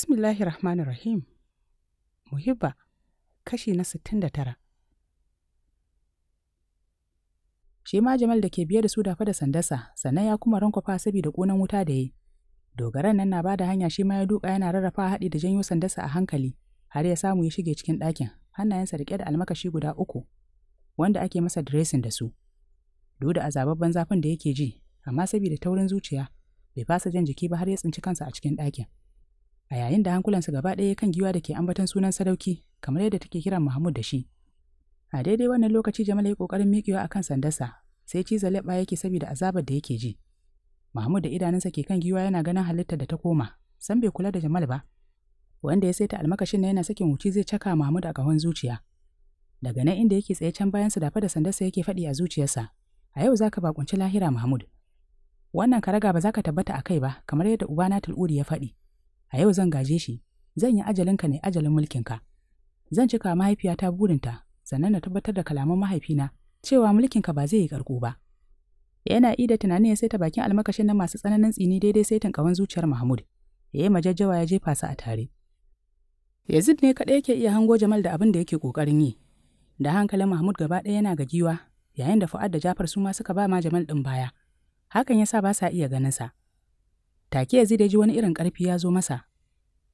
Bismillahir Rahmanir Rahim. Muhibba kashi na sittin 69. Shi ma Jamal da ke biye da su dafa da sandasa, sannan ya kuma rankwafa saboda ƙunan wuta da yi. Dogaran nan na ba da hanya shi ma ya duka yana rarrafa haɗi da janyo sandasa a hankali, har ya samu ya shige cikin ɗakin, hannayensa riƙe da almakashi guda uku, wanda ake masa diresin da su. Duk da azababban zafin da yake ji, amma saboda taurin zuciya, bai fasa jan jiki ba har ya tsinci kansa a cikin ɗakin. a yayin da hankulansa gaba ɗaya kan giwa da ke ambaton sunan sadauki kamar yadda take kiran Mahmud da shi. A daidai wannan lokaci Jamal ya ƙoƙarin miƙewa a kan sandarsa sai ciza leɓa yake saboda azabar da yake ji. Mahmud da idanunsa ke kan giwa yana ganin halittar da ta koma, san bai kula da Jamal ba. Wanda ya saita almakashin na yana sakin wuci zai caka Mahmud a ƙahon zuciya. Daga nan inda yake tsaye can bayansa dafa da sandarsa yake faɗi a zuciyarsa. A yau za ka bakunci lahira Mahmud. Wannan karaga ba za ka tabbata a kai ba kamar yadda Ubana Tul'uri ya faɗi. a yau zan gaje shi zan yi ajalinka ne ajalin mulkin ka zan cika mahaifiyata burinta sannan na tabbatar da kalaman mahaifina cewa mulkin ka ba zai yi karko ba yana ida tunanin ya saita bakin almakashin na masu tsananin tsini daidai sai kawan zuciyar mahmud ya yi majajjawa ya jefa su a tare yazid ne kaɗai yake iya hango jamal da abin da yake ƙoƙarin yi da hankalin mahmud gaba ɗaya yana gajiwa yayin da fu'ad da jafar su ma suka ba ma jamal ɗin baya hakan ya sa ba sa iya ganin sa. Take Yazid ya ji wani irin ƙarfi ya zo masa.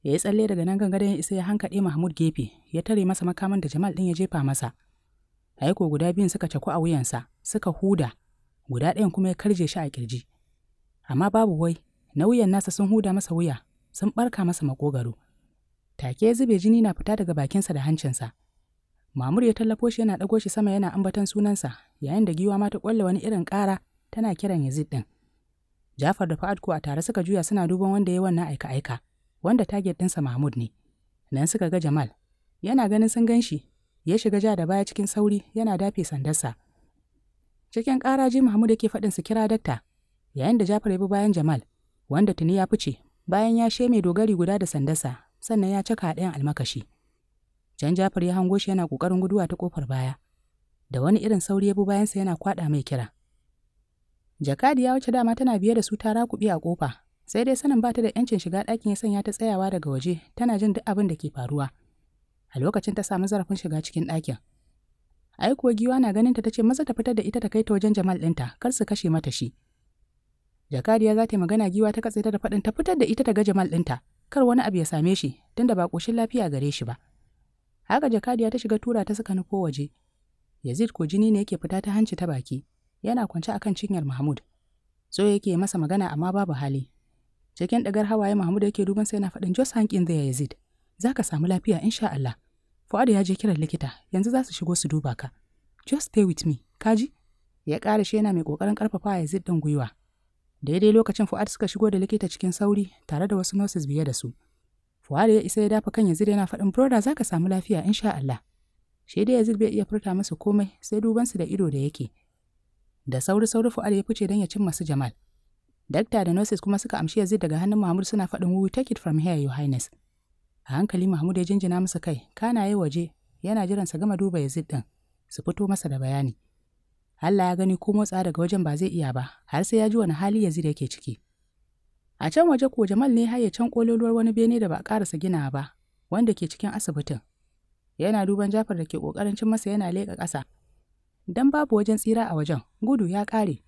Ya yi tsalle daga nan gangaren isa ya hankaɗe Mahmud gefe, ya tare masa makaman da Jamal din ya jefa masa. Aiko guda biyun suka caku a wuyansa, suka huda, guda ɗayan kuma ya karje shi a kirji. Amma babu wai, na wuyan nasa sun huda masa wuya, sun barka masa makogaro. Take ya zube jini na fita daga bakinsa da hancinsa. Mamur ya tallafo shi yana ɗago shi sama yana ambaton sunansa, yayin da giwa ma ta ƙwalle wani irin ƙara tana kiran Yazid ɗin. Jafar da Fa'ad a tare suka juya suna duban wanda ya wannan aika-aika, wanda target ɗinsa Mahmud ne. Nan suka ga Jamal, yana ganin sun gan shi, ya shiga ja da baya cikin sauri yana dafe sandarsa. Cikin ƙaraji Mahmud yake faɗin su kira dakta, yayin da Jafar ya bi bayan Jamal, wanda tuni ya fice, bayan ya she mai dogari guda da sandarsa, sannan ya caka ɗayan almakashi. Jan Jafar ya hango shi yana ƙoƙarin guduwa ta ƙofar baya. Da wani irin sauri ya bi bayansa yana kwaɗa mai kira. Jakadiya wacce dama tana biye da su tara kuɓi a ƙofa, sai dai sanin ba ta da 'yancin shiga ɗakin ya sanya ta tsayawa daga waje tana jin duk abin da ke faruwa. A lokacin ta samu zarafin shiga cikin ɗakin. Ai kuwa giwa na ganin ta tace ce maza ta fitar da ita ta kai ta wajen Jamal ɗinta kar su kashe mata shi. Jakadiya za ta yi magana giwa ta katse ta da faɗin ta fitar da ita ta ga Jamal ɗinta kar wani abu ya same shi tunda ba koshin lafiya gare shi ba. Haka jakadiya ta shiga tura ta suka nufo waje. Yazid ko jini ne yake fita ta hanci ta baki. yana kwance akan cinyar Mahmud. So yake masa magana amma babu hali. Cikin ɗagar hawaye Mahmud yake duban sai yana faɗin Jos hankin da Yazid. Za ka samu lafiya insha Allah. Fuad ya je kiran likita, yanzu za su shigo su duba ka. Just stay with me, kaji? Ya ƙara shi yana mai ƙoƙarin ƙarfafa Yazid ɗin gwiwa. Daidai lokacin Fuad suka shigo da likita cikin sauri tare da wasu nurses biye da su. Fuad ya isa ya dafa kan Yazid yana faɗin broda za ka samu lafiya insha Allah. Shi da Yazid bai iya furta masa komai sai su da ido da yake. Da sauri sauri Fu'ad ya fice don ya cimma su Jamal. Dakta da nurses kuma suka amshi Yazid daga hannun Mahmud suna faɗin we take it from here your highness. A hankali Mahmud ya jinjina masa kai, kana yi waje, yana jiran sa gama duba Yazid din. Su fito masa da bayani. Allah ya gani ko motsa daga wajen ba zai iya ba, har sai ya ji wani hali Yazid yake ciki. A can waje ko Jamal ne har ya can kololuwar wani bene da ba karasa gina ba, wanda ke cikin asibitin. Yana duban Jafar da ke ƙoƙarin cin masa yana leƙa ƙasa, don babu wajen tsira a wajen gudu ya kare.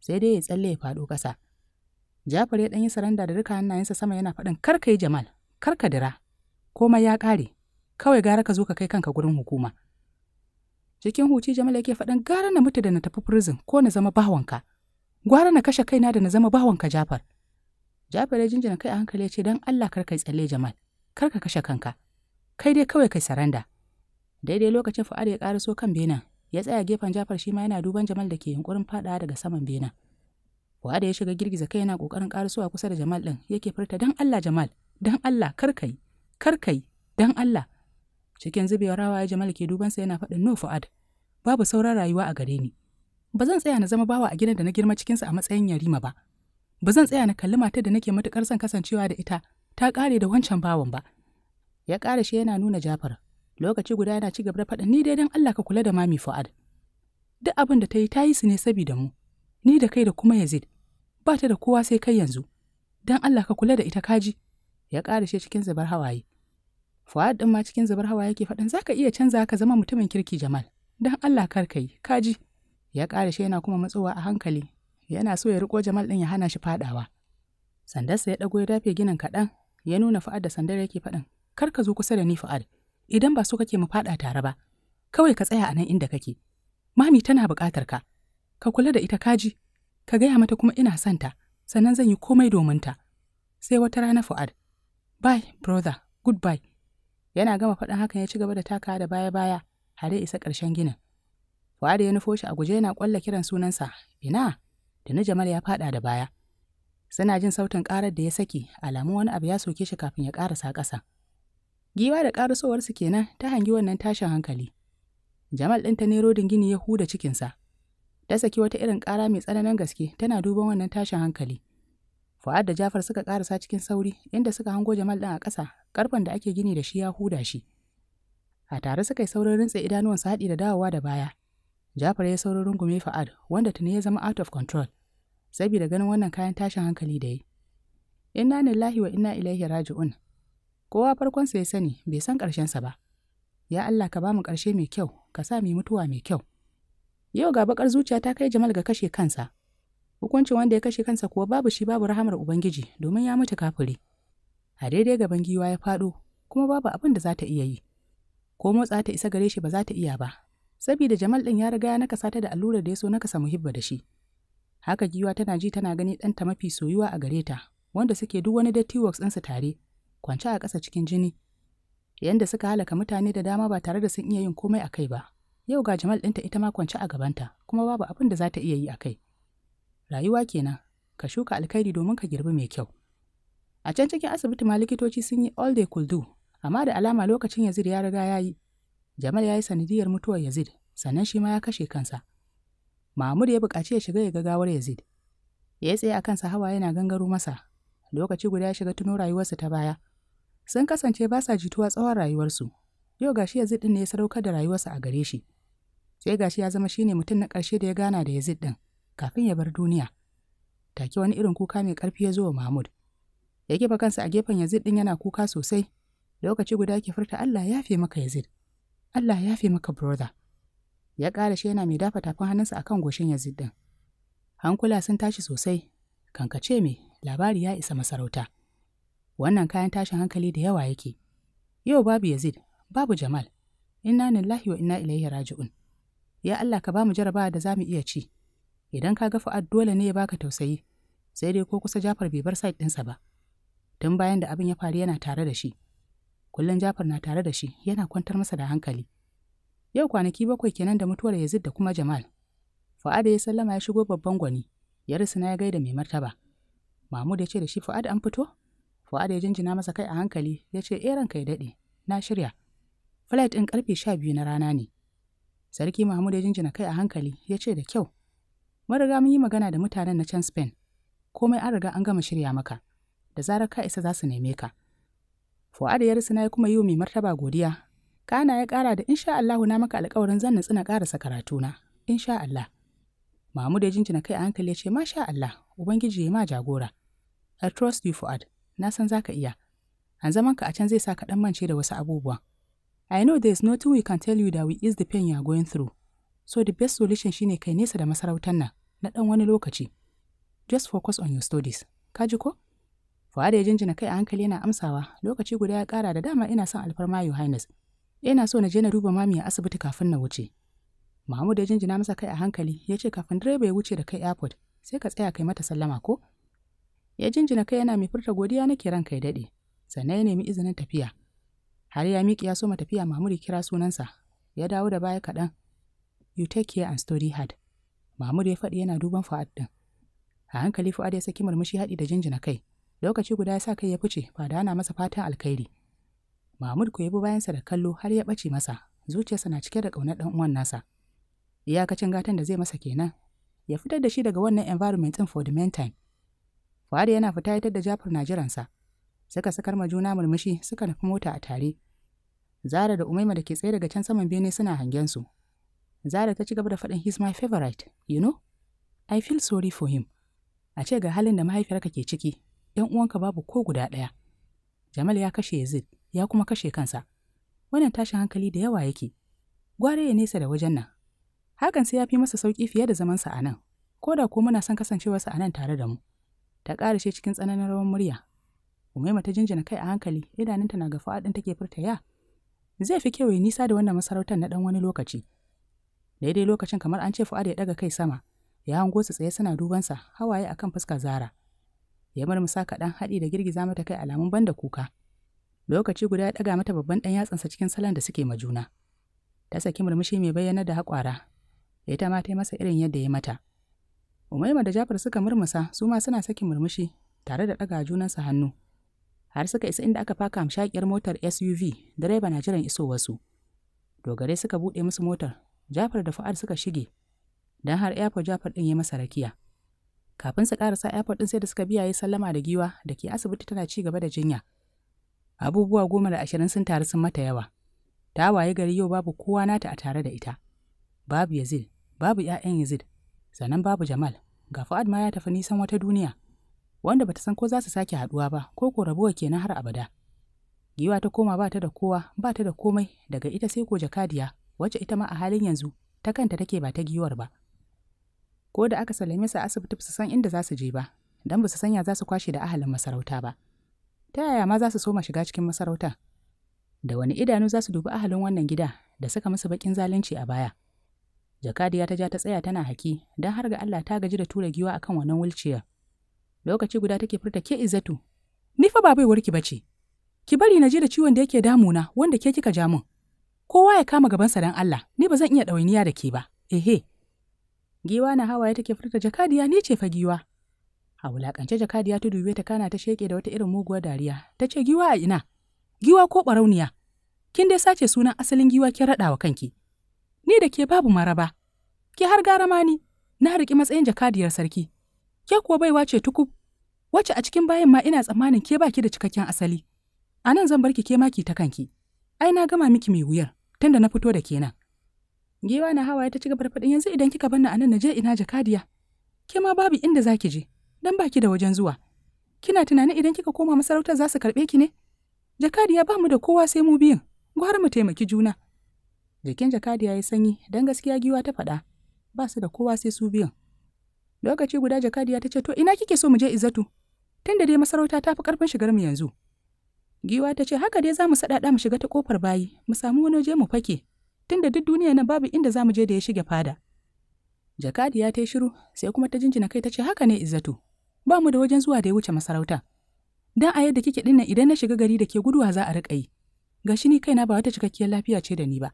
sai dai ya tsalle ya faɗo ƙasa jafar ya ɗan yi saranda da duka hannayensa sama yana faɗin kar ka yi jamal karka dira komai ya kare. kawai gara ka zo ka kai kanka gurin hukuma cikin huci jamal yake faɗin gara na mutu da na tafi prison ko na zama bawanka gwara na kashe kaina da na zama bawanka jafar jafar ya jinjina kai a hankali ya ce don allah kar ka yi tsalle jamal kar ka kashe kanka kai dai kawai kai saranda daidai lokacin fa'ad ya so kan benin ya tsaya gefen jafar shi ma yana duban jamal da ke yunkurin faɗawa daga saman bena wa da ya shiga girgiza kai yana ƙoƙarin ƙarasowa kusa da jamal ɗin yake furta dan allah jamal dan allah karkai karkai, dan allah cikin zubewa rawa ya jamal ke dubansa yana faɗin no fu'ad babu sauran rayuwa a gare ni ba zan tsaya na zama bawa a gidan da na girma cikinsa a matsayin yarima ba ba zan tsaya na kalli matar da nake matuƙar son kasancewa da ita ta ƙare da wancan bawan ba ya ƙara shi yana nuna jafar lokaci guda yana ci gaba da faɗa ni dai don Allah ka kula da mami Fuad. Duk abin da ta yi ta yi su ne saboda mu, ni da kai da kuma Yazid, ba ta da kowa sai kai yanzu, don Allah ka kula da ita kaji, ya ƙarashe cikin zubar hawaye. Fuad din ma cikin zubar hawaye yake faɗin zaka ka iya canza ka zama mutumin kirki Jamal, don Allah kar ka yi, kaji. Ya ƙara shi yana kuma matsowa a hankali, yana so ya riko Jamal din ya hana shi faɗawa. Sandarsa ya ɗago ya dafe ginin kaɗan, ya nuna Fuad da sandar yake faɗin, kar ka zo kusa da ni Fuad. idan ba so kake mu faɗa tare ba, kawai ka tsaya a nan inda kake. Mami tana buƙatar ka, ka kula da ita kaji, ka gaya mata kuma ina santa, sannan zan yi komai domin ta. Sai wata rana Fuad. Bye, brother, goodbye. Yana gama faɗin hakan ya ci gaba da takawa da baya-baya har ya isa ƙarshen ginin. Fuad ya nufo shi a guje yana ƙwalla kiran sunansa, ina, da na Jamal ya faɗa da baya. Suna jin sautin ƙarar da ya saki, alamun wani abu ya soke shi kafin ya ƙarasa ƙasa. Giwa da ƙarasowarsu kenan ta hangi wannan tashin hankali. Jamal ɗin ta ne rodin gini ya huda cikinsa. Ta saki wata irin ƙara mai tsananin gaske tana duban wannan tashin hankali. Fu'ad da Jafar suka ƙarasa cikin sauri inda suka hango Jamal ɗin a ƙasa, ƙarfen da ake gini da shi ya huda shi. A tare suka yi saurin rintse idanuwansa haɗi da dawowa da baya. Jafar ya saurin rungume Fa'ad wanda ta tuni ya zama out of control. Sabida ganin wannan kayan tashin hankali da yi. Inna lillahi wa inna ilaihi raji'un. kowa farkonsa ya sani bai san ƙarshensa ba ya Allah ka bamu ƙarshe mai kyau ka sa mu mutuwa mai kyau yau ga bakar zuciya ta kai Jamal ga kashe kansa hukuncin wanda ya kashe kansa kuwa babu shi babu rahamar ubangiji domin ya mutu kafuri a daidai gaban giwa ya faɗo kuma babu abin da za ta iya yi ko motsa ta isa gare shi ba za ta iya ba saboda Jamal ɗin ya riga ya naka ta da allurar da ya so nakasa muhibba da shi haka giwa tana ji tana gani ɗanta mafi soyuwa a gare ta wanda suke duk wani dirty works ɗinsu tare kwance a ƙasa cikin jini Yadda suka halaka mutane da dama ba tare da sun iya yin komai a kai ba yau ga jamal ɗinta ita ma kwance a gabanta kuma babu abin da za ta iya yi a kai rayuwa kenan ka shuka alkhairi domin ka girbi mai kyau a can cikin asibiti ma likitoci sun yi all they could do amma da alama lokacin yazid ya riga ya yi jamal ya yi sanadiyar mutuwar yazid sannan shi ma ya kashe kansa mahmud ya buƙaci ya shiga ya gagawar yazid ya tsaye a kansa hawa yana gangaro masa lokaci guda ya shiga tuno rayuwarsa ta baya sun kasance ba sa jituwa tsawon rayuwarsu yau gashi yazid ɗin ne ya sadaukar da rayuwarsa a gare shi sai gashi ya zama shine mutum na ƙarshe da ya gana da yazid ɗin kafin ya bar duniya take wani irin kuka mai ƙarfi ya zo wa mahmud ya kifa kansa a gefen yazid ɗin yana kuka sosai lokaci guda yake furta allah ya fi maka yazid allah ya fi maka brother ya ƙara shi yana mai dafa tafin hannunsa akan goshin yazid ɗin hankula sun tashi sosai kankace me labari ya isa masarauta wannan kayan tashin hankali da yawa yake yau babu yazid babu jamal inna lillahi wa inna ilaihi raji'un ya Allah ka ba mu jarabawa da zamu iya ci idan ka ga fa'ad dole ne ya baka tausayi sai dai ko kusa Jafar bai bar site ɗinsa ba tun bayan da abin ya faru yana tare da shi kullum Jafar na tare da shi yana kwantar masa da hankali yau kwanaki bakwai kenan da mutuwar Yazid da kuma Jamal Fa'ad ya sallama ya shigo babban gwani ya risina ya gaida mai martaba Mahmud ya ce da shi Fa'ad an fito Fuad ya jinjina masa kai a hankali ya ce eran eh, kai daɗe, na shirya. Flight ɗin ƙarfe sha biyu na rana ne. Sarki Mahmud ya jinjina kai a hankali ya ce da kyau. Mun riga mun yi magana da mutanen na can Spain. Komai an riga an gama shirya maka. Da zarar ka isa za su neme ka. Fuad ya risina ya kuma yi wa mai martaba godiya. Kana ya ƙara da insha Allahu na maka alƙawarin zan nutsu na ƙarasa karatuna. Insha Allah. Mahmud ya jinjina kai a hankali ya ce masha Allah, Ubangiji ya ma jagora. I trust you Fuad. na san za ka iya. An zaman ka a can zai sa ka ɗan mance da wasu abubuwa. I know there is nothing we can tell you that we is the pain you are going through. So the best solution shine kai nesa da masarautar nan na ɗan wani lokaci. Just focus on your studies. Ka ji ko? Fuad ya jinjina kai a hankali yana amsawa lokaci guda ya kara da dama ina son alfarma Yohannes. Ina so na je na duba mami a asibiti kafin na wuce. Mahmud ya jinjina masa kai a hankali ya ce kafin direba ya wuce da kai airport sai ka tsaya kai mata sallama ko? ya jinjina kai yana mai furta godiya na kiran kai daɗe sannan ya nemi izinin tafiya har ya miƙi ya soma tafiya mamuri kira sunansa ya dawo da baya kaɗan you take care and study hard mamuri ya faɗi yana duban fa'ad ɗin a hankali fa'ad ya saki murmushi haɗi da jinjina kai lokaci guda ya sa kai ya fice ba da ana masa fatan alkhairi mahmud ko ya bi bayansa da kallo har ya ɓace masa zuciyarsa na cike da ƙaunar ɗan uwan nasa iyakacin gatan da zai masa kenan ya fitar da shi daga wannan environment ɗin for the meantime Fuad yana fita ya da Jafar na jiransa. Suka sakar ma juna murmushi suka nufi mota a tare. Zara da Umaima da ke tsaye daga can saman bene suna hangen su. Zara ta ci gaba da faɗin he's my favorite, you know? I feel sorry for him. A ce ga halin da mahaifiyarka ke ciki, ‘yan uwanka babu ko guda ɗaya. Jamal ya kashe Yazid, ya kuma kashe kansa. Wannan tashin hankali da yawa yake. Gware ya nesa da wajen nan. Hakan sai ya fi masa sauƙi fiye da zamansa a nan, ko da ko muna son kasancewarsa a nan tare da mu. ta ƙarashe cikin tsananin rawan murya umaima ta jinjina kai a hankali idanunta na ga fa'adin take furta ya zai fi kyau ya nisa da wannan masarautar na ɗan wani lokaci daidai lokacin kamar an ce fu'ad ya ɗaga kai sama ya hango su tsaye suna dubansa hawaye akan fuska zara ya musa kaɗan haɗi da girgiza mata kai alamun ban da kuka lokaci guda ya ɗaga mata babban ɗan yatsansa cikin salon da suke majuna. ta saki murmushi mai bayyana da haƙwara ita ma ta yi masa irin yadda ya mata Umaima da Jafar suka murmusa su ma suna sakin murmushi tare da ɗaga junansa hannu. Har suka isa inda aka faka hamshakiyar motar SUV direba na jiran iso wasu. Dogare suka buɗe musu motar, Jafar da Fu'ad suka shige, don har airport Jafar ɗin ya masa rakiya. Kafin su ƙarasa airport ɗin sai da suka biya yi sallama da giwa da ke asibiti tana ci gaba da jinya. Abubuwa goma da ashirin sun taru sun mata yawa. Ta waye gari yau babu kowa nata a tare da ita. Babu Yazid, babu ‘ya'yan Yazid, sannan babu Jamal, ga Fuad ma ya tafi nisan wata duniya, wanda bata san ko za su sake haɗuwa ba ko ko rabuwa kenan har abada. Giwa ta koma bata da kowa, bata da komai daga ita sai ko jakadiya, wacce ita ma a halin yanzu ta kanta take ba ta giwar ba. Ko da aka sallame su asibiti su san inda za su je ba, dan ba su sanya za su kwashe da ahalin masarauta ba. Ta yaya ma za su soma shiga cikin masarauta? Da wani idanu za su dubi ahalin wannan gida da suka musu bakin zalunci a baya? Jakadiya ta ja ta tsaya tana haki, don har ga Allah ta gaji da tura giwa akan wannan wulciya Lokaci guda take furta ke izatu. ni fa ba baiwarki bace. Ki bari na je da ciwon da yake na wanda ke kika ja min. Kowa ya kama gabansa don Allah, ni ba zan iya ɗawainiya da ke ba. Ehe. Giwa na hawaye take furta jakadiya ni ce fa giwa. A wulakance jakadiya ta dube ta kana ta sheke da wata irin muguwar dariya. Ta ce giwa a ina? Giwa ko ɓarauniya. Kin dai sace sunan asalin giwa kin raɗa wa kanki. ni da ke babu maraba, ki har gara ma ni, na riƙi matsayin jakadiyar sarki, ke kuwa baiwa ce tukub, wacce a cikin bayan ma ina tsammanin ke baki da cikakken asali. A nan zan barki ke maki ta kanki, ai na gama miki mai wuyar, tunda na fito da kenan. Gewa na hawa ya ta ci gaba faɗin yanzu idan kika banna a nan na je ina jakadiya. Ke ma babu inda za ki je, dan baki da wajen zuwa. Kina tunanin idan kika koma masarautar za su karɓe ki ne? Jakadiya ba mu da kowa sai mu biyun, gwara mu taimaki juna. Jikin jakadi ya sanyi don gaskiya giwa ta faɗa, ba su da kowa sai su biyan. Lokaci guda jakadiya ta ce, To, ina kike so mu je izatu Tun da dai masarauta ta fi ƙarfin shigar mu yanzu. Giwa ta ce, Haka dai za mu saɗaɗa mu shiga ta ƙofar bayi, mu samu wani waje mu fake, tun da duk duniya nan babu inda za mu je da ya shige fada. Jakadiya ta yi shiru, sai kuma ta jinjina kai ta ce, Haka ne izatu ba mu da wajen zuwa da ya wuce masarauta. Dan a yadda kike dinnan idan na shiga gari da ke guduwa za a riƙa yi. Gashi ni kaina ba wata cikakkiyar lafiya ce da ni ba.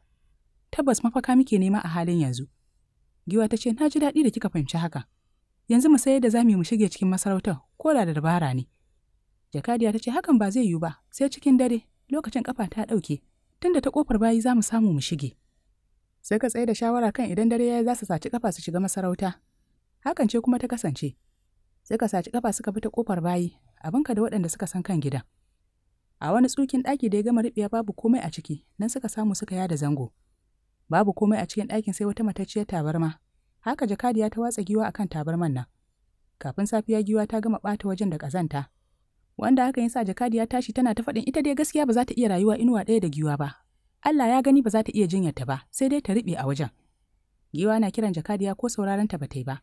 tabbas mafaka muke nema a halin yanzu. Giwa ta ce, Na ji daɗi da kika fahimci haka. Yanzu mu sayar da za mu shige cikin masarautar, ko da dabara ne. Jakadiya ta ce, Hakan ba zai yiwu ba, sai cikin dare, lokacin ƙafa ta ɗauke, tunda ta ƙofar bayi za mu samu mu shige. Sai ka tsaye da shawara kan idan dare ya yi za su saci kafa su shiga masarauta. Hakan ce kuma ta kasance. Sai ka saci kafa suka bi ta ƙofar bayi, ka da waɗanda suka san kan gidan. A wani tsukin ɗaki da ya gama riɓiya babu komai a ciki, nan suka samu suka yada zango. babu komai a cikin ɗakin sai wata matacciyar tabarma haka jakadiya ta watsa giwa akan tabarman nan kafin safiya giwa ta gama ɓata wajen da ƙazanta wanda haka yasa sa jakadiya tashi tana ta faɗin ita dai gaskiya ba za ta iya rayuwa inuwa ɗaya da giwa ba Allah ya gani ba za ta iya jinyarta ba sai dai ta riɓe a wajen giwa na kiran jakadiya ko sauraron ta ba ta yi ba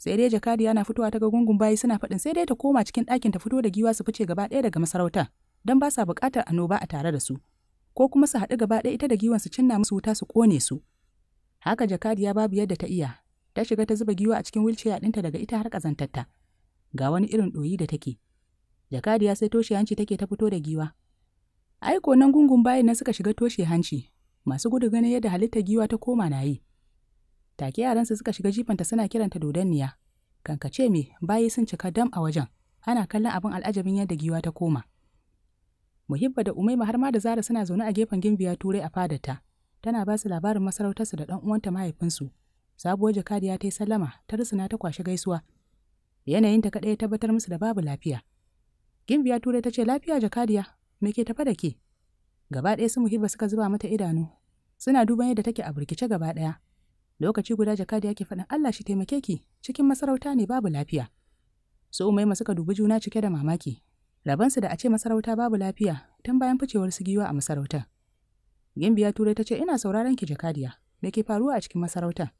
sai dai jakadiya na fitowa ta ga gungun bayi suna faɗin sai dai ta koma cikin ɗakin ta fito da giwa su fice gaba ɗaya daga masarautar don ba sa buƙatar annoba a tare da su ko kuma su haɗu gaba ɗaya ita da giwan su cinna musu wuta su ƙone su haka jakadiya babu yadda ta iya ta shiga ta zuba giwa a cikin wilciya ɗinta daga ita har ƙazantarta ga wani irin ɗoyi da take jakadiya sai toshe hanci take ta fito da giwa aiko nan gungun bayan nan suka shiga toshe hanci masu gudu ganin yadda halittar giwa ta koma na yi take yaransu suka shiga jifanta suna kiranta dodanniya kankace me bayi sun cika dam a wajen ana kallon abin al'ajabin yadda giwa ta koma Muhibba da Umaima har ma da Zara suna zaune a gefen gimbiya Turai a fadarta. Tana ba su labarin masarautarsu da ɗan uwanta mahaifinsu. Sabuwar jakadiya ta yi sallama, ta rusuna ta kwashi gaisuwa. Yanayinta kaɗai ya tabbatar musu da babu lafiya. Gimbiya Turai ta ce lafiya jakadiya, me ke tafa da ke? Gaba ɗaya su Muhibba suka zuba mata idanu. Suna duban yadda take a burkice gaba ɗaya. Lokaci guda jakadiya ke faɗin Allah shi taimake ki, cikin masarauta ne babu lafiya. Su Umaima suka dubi juna cike da mamaki, Labansu da a ce masarauta babu lafiya tun bayan ficewar su giwa a masarautar. Gimbiya Turai ta ce ina sauraron ki Jakadiya, me ke faruwa a cikin masarautar?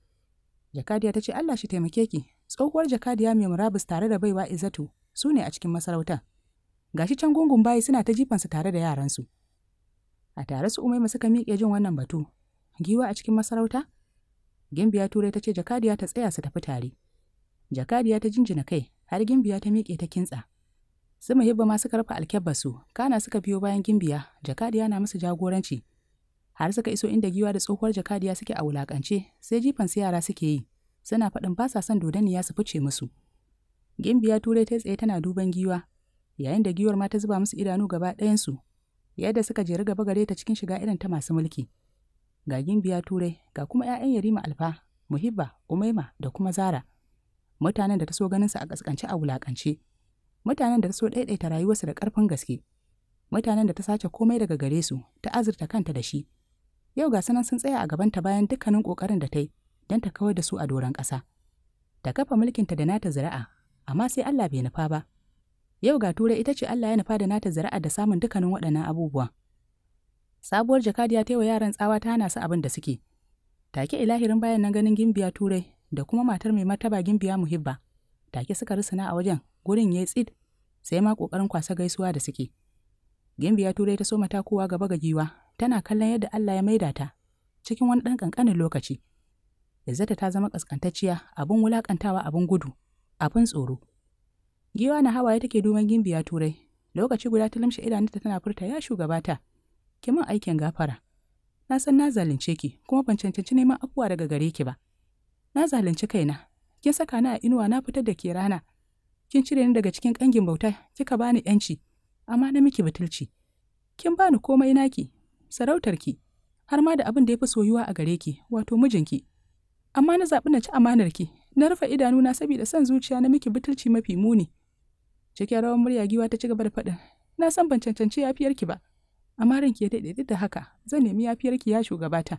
Jakadiya ta ce Allah shi taimake ki, tsohuwar Jakadiya mai murabus tare da baiwa Izzatu su ne a cikin masarautar. Gashi can gungun bayi suna ta jifansu tare da yaransu. A tare su Umaima suka miƙe jin wannan batu. Giwa a cikin masarauta? Gimbiya Turai ta ce Jakadiya ta tsaya su tafi tare. Jakadiya ta jinjina kai har Gimbiya ta miƙe ta kintsa. su muhibba ma suka rufe su kana suka biyo bayan gimbiya jakadiya na musu jagoranci har suka iso inda giwa da tsohuwar jakadiya suke a wulakance sai jifan su yara suke yi suna faɗin ba sa son dodaniya su fice musu gimbiya turai ta tsaye tana duban giwa yayin da giwar ma ta zuba musu idanu gaba ɗayansu yadda suka jeri gaba gare ta cikin shiga irin ta masu mulki ga gimbiya turai ga kuma 'ya'yan yarima alfa muhibba umaima da kuma zara mutanen da ta so ganin su a kaskance a wulakance mutanen da ta so ɗaiɗaita rayuwarsu da ƙarfin gaske, mutanen da ta sace komai daga gare su, ta azurta kanta da shi. Yau ga sanan sun tsaya a ta bayan dukkanin ƙoƙarin da ta yi don ta kawar da su a doron ƙasa. Ta kafa mulkin ta da nata zira'a, amma sai Allah bai nufa ba. Yau ga Turai ita ce Allah ya nufa da nata zira'a da samun dukkanin waɗannan abubuwan. Sabuwar jakadiya ta yi wa yaran tsawa ta hana su abin da suke. Take ilahirin bayan nan ganin gimbiya Turai da kuma matar mai martaba gimbiya muhibba. Take suka rusuna a wajen Wurin ya yi tsid sai ma ƙoƙarin kwasa gaisuwa da suke gimbiya turai ta soma matakowa gaba ga giwa tana kallon yadda allah ya maida ta cikin wani ɗan ƙanƙanin lokaci izzata ta zama ƙasƙantacciya abin wulaƙantawa abin gudu abin tsoro giwa na hawaye take duban gimbiya turai lokaci guda ta lamshe idanunta tana furta ya shugabata ki min aikin gafara na san na zalunce ki kuma ban cancanci neman afuwa daga gare ki ba na zalunci kaina kin saka na a inuwa na fitar da ke rana kin cire ni daga cikin ƙangin bauta kika bani yanci amma na miki batulci. kin bani komai naki sarautarki har ma da abin da ya fi soyuwa a gare ki wato mijinki amma na zaɓi na ci amanar ki. na rufe idanu na saboda son zuciya na miki batulci mafi muni cikin rawar murya giwa ta ci da faɗin na san ban cancanci yafiyarki ba amma ranki ya daidai da haka zan nemi yafiyarki ya shugabata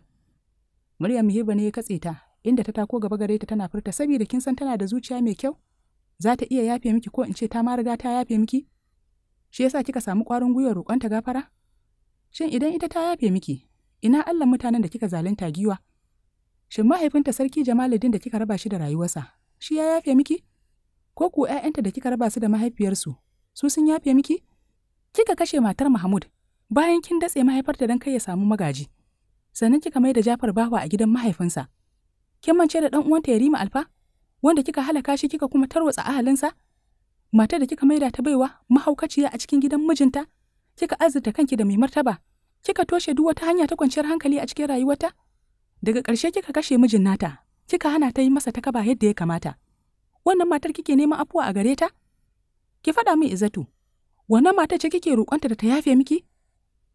murya muhiba ne ya katse ta inda ta tako gaba gare ta tana furta saboda kin san tana da zuciya mai kyau za ta iya yafe miki ko in ce ta ma riga ta yafe miki? Shi yasa kika samu ƙwarin gwiwar roƙonta gafara? Shin idan ita ta yafe miki, ina Allah mutanen da kika zalunta giwa? Shin mahaifinta sarki Jamaluddin da kika raba shi da rayuwarsa, shi ya yafe miki? Ko ku ‘ya'yanta da kika raba su da mahaifiyarsu, su sun yafe miki? Kika kashe matar Mahmud bayan kin datse mahaifarta don kai ya samu magaji. Sannan kika mai da Jafar bawa a gidan mahaifinsa. Kin mance da ɗan uwanta ya rima Alfa? wanda kika halaka shi kika kuma tarwatsa ahalinsa matar da kika maida ta baiwa mahaukaciya a cikin gidan mijinta kika azurta kanki da mai martaba kika toshe duk wata hanya ta kwanciyar hankali a cikin rayuwarta daga ƙarshe kika kashe mijin nata kika hana ta yi masa ta kaba yadda ya kamata wannan matar kike neman afuwa a gare ta ki faɗa min izatu wannan matar ce kike roƙonta da ta yafe miki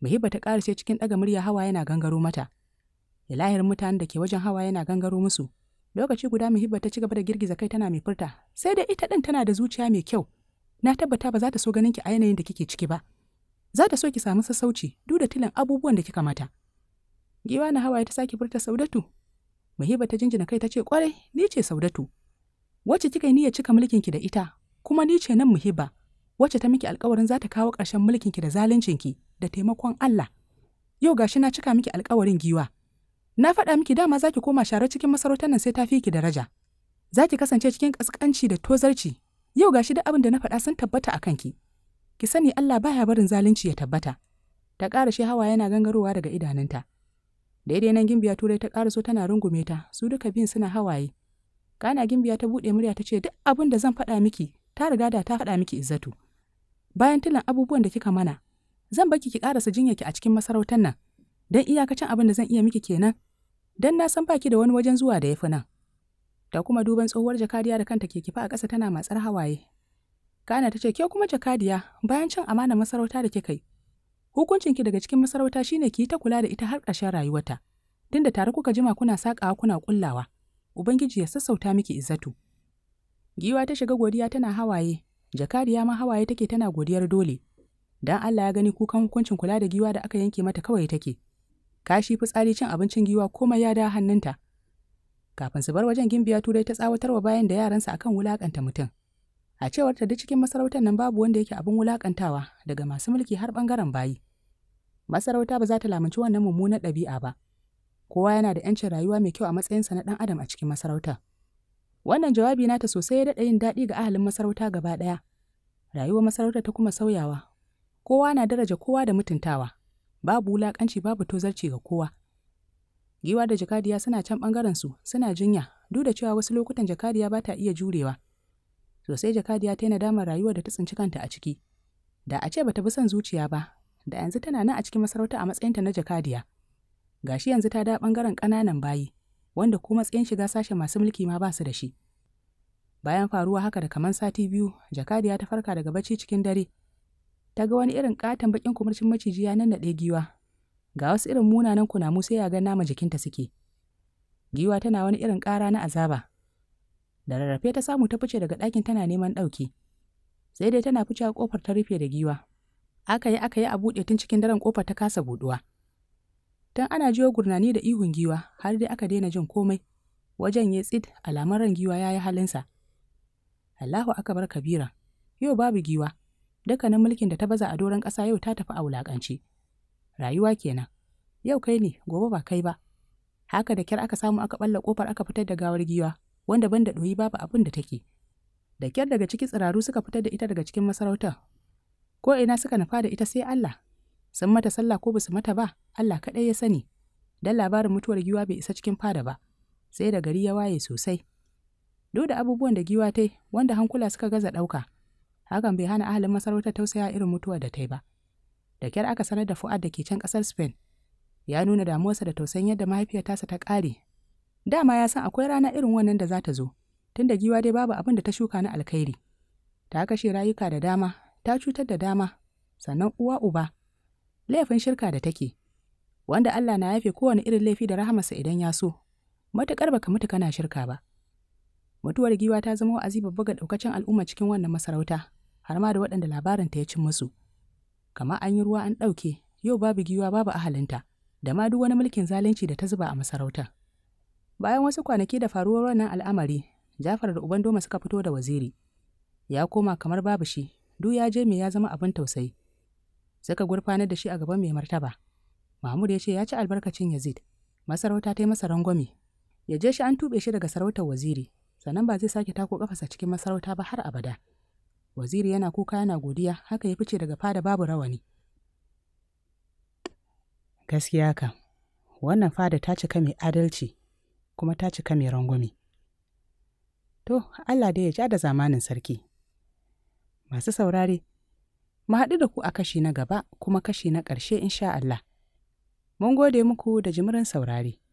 muhibba ta sai cikin ɗaga murya hawa yana gangaro mata ilahirin mutanen da ke wajen hawa yana gangaro musu lokaci guda muhibba ta ci gaba da girgiza kai tana mai furta sai dai ita ɗin tana da zuciya mai kyau na tabbata ba za ta so ganin ki a yanayin da kike ciki ba za ta so ki samu sassauci duk da tilan abubuwan da kika mata giwa na hawaye ta sake furta saudatu muhibba ta jinjina kai ta ce kwarai ni ce saudatu wacce kika niya niyyar cika mulkinki da ita kuma ni ce nan muhibba wacce ta miki alkawarin za ta kawo ƙarshen ki da ki da taimakon Allah yau gashi na cika miki alkawarin giwa Na faɗa miki dama za ki koma share cikin masarautar nan sai ta fi ki daraja. Za ki kasance cikin ƙasƙanci da tozarci. Yau gashi da abin da na faɗa sun tabbata a kanki. Ki sani Allah baya barin zalunci ya tabbata. Ta ƙara shi hawa yana gangarowa daga idanunta. Daidai nan Gimbiya Turai ta ƙara so tana rungume ta, su duka biyun suna hawaye. Kana Gimbiya ta buɗe murya ta ce duk abin da zan faɗa miki, ta riga da ta faɗa miki Izzatu. Bayan tilan abubuwan da kika mana, zan baki ki ƙarasa jinyarki a cikin masarautar nan. don iyakacin abin da zan iya miki kenan don na san baki da wani wajen zuwa da ya fi nan da kuma duban tsohuwar jakadiya da kanta ke kifa a ƙasa tana matsar hawaye kana ta ce ke kuma jakadiya bayan cin amana masarauta da kika yi hukuncinki daga cikin masarauta shine ki yi ta kula da ita har ƙarshen rayuwarta tun da tare kuka jima kuna saƙawa kuna ƙullawa ubangiji ya sassauta miki izzatu giwa ta shiga godiya tana hawaye jakadiya ma hawaye take tana godiyar dole dan Allah ya gani kukan hukuncin kula da giwa da aka yanke mata kawai take kashi fitsari cin abincin giwa komai ya da hannunta kafin su bar wajen gimbiya turai ta tsawatarwa bayan da yaransa akan wulakanta mutum a cewar ta duk cikin masarautar nan babu wanda yake abin wulakantawa daga masu mulki har bangaren bayi masarauta ba za ta lamunci wannan mummunar ɗabi'a ba kowa yana da yancin rayuwa mai kyau a matsayinsa na ɗan adam a cikin masarauta wannan jawabi nata sosai ya daɗa yin daɗi ga ahalin masarauta gaba ɗaya rayuwar masarautar ta kuma sauyawa kowa na daraja kowa da mutuntawa babu wulakanci babu tozarci ga kowa giwa da jakadiya suna can ɓangaren su suna jinya duk da cewa wasu lokutan jakadiya ba ta iya jurewa sosai jakadiya ta yi nadamar rayuwa da ta tsinci kanta a ciki da a ce ba ta bi son zuciya ba da yanzu tana nan a cikin masarauta a matsayinta na jakadiya gashi yanzu ta da ɓangaren ƙananan bayi wanda ko matsayin shiga sashen masu mulki ma ba su da shi bayan faruwa haka da kaman sati biyu jakadiya ta farka daga bacci cikin dare ta ga wani irin katon bakin kumurcin maciji nan nannaɗe giwa ga wasu irin munanan kunamu sai ya ga nama jikinta suke giwa tana wani irin ƙara na azaba da rarrafe ta samu ta fice daga ɗakin tana neman ɗauki sai dai tana fice a kofar ta rufe da giwa aka yi aka yi a buɗe tun cikin daren ƙofar ta kasa buɗuwa tun ana jiyo gurnani da ihun giwa har dai aka daina jin komai wajen ya tsid alamun ran giwa ya yi halinsa Allahu bar kabira yau babu giwa dukkanin mulkin da ta baza a doron ƙasa yau ta tafi a wulaƙance. Rayuwa kenan, yau kai ne, gobe ba kai ba. Haka da kyar aka samu aka ɓalla ƙofar aka fitar da gawar giwa, wanda ban da ɗoyi babu abin da take. Da kyar daga ciki tsiraru suka fitar da ita daga cikin masarautar. Ko ina suka nufa da ita sai Allah, sun mata sallah ko basu mata ba, Allah kaɗai ya sani. Dan labarin mutuwar giwa bai isa cikin fada ba, sai da gari ya waye sosai. Duk da abubuwan da giwa ta wanda hankula suka gaza ɗauka, hakan bai hana ahalin masarautar tausaya irin mutuwar da ta yi ba da kyar aka sanar da fu'ad da ke can ƙasar spain ya nuna damuwarsa da tausayin yadda mahaifiyar tasa ta kare. dama ya san akwai rana irin wannan da za ta zo tun da giwa dai babu abin da ta shuka na alkhairi ta kashe rayuka da dama ta cutar da dama sannan uwa uba laifin shirka da take wanda Allah na yafe kowane irin laifi da rahamarsa idan ya so matukar baka mutu kana shirka ba mutuwar giwa ta zama wa'azi babba ga ɗaukacin al'umma cikin wannan masarauta har ma da waɗanda labarinta ya cin musu. Kamar an yi ruwa an ɗauke, yau babu giwa babu ahalinta, da ma duk wani mulkin zalunci da ta zuba a masarauta. Bayan wasu kwanaki da faruwar wannan al'amari, Jafar da Uban Doma suka fito da waziri. Ya koma kamar babu shi, duk ya je me ya zama abin tausayi. Suka gurfanar da shi a gaban mai martaba. Mahmud ya ce ya ci albarkacin Yazid, masarauta ta yi masa rangwame. Ya je shi an tuɓe shi daga sarautar waziri, sannan ba zai sake tako ƙafasa cikin masarauta ba har abada. Waziri yana kuka yana godiya haka ya fice daga fada babu rawani. Gaskiya kam, wannan fada ta cika mai adalci kuma ta cika mai rangwame. To, Allah dai ya ja da zamanin sarki. Masu saurare, mu haɗu da ku a kashi na gaba kuma kashi na ƙarshe insha Allah. Mun gode muku da jimirin saurare.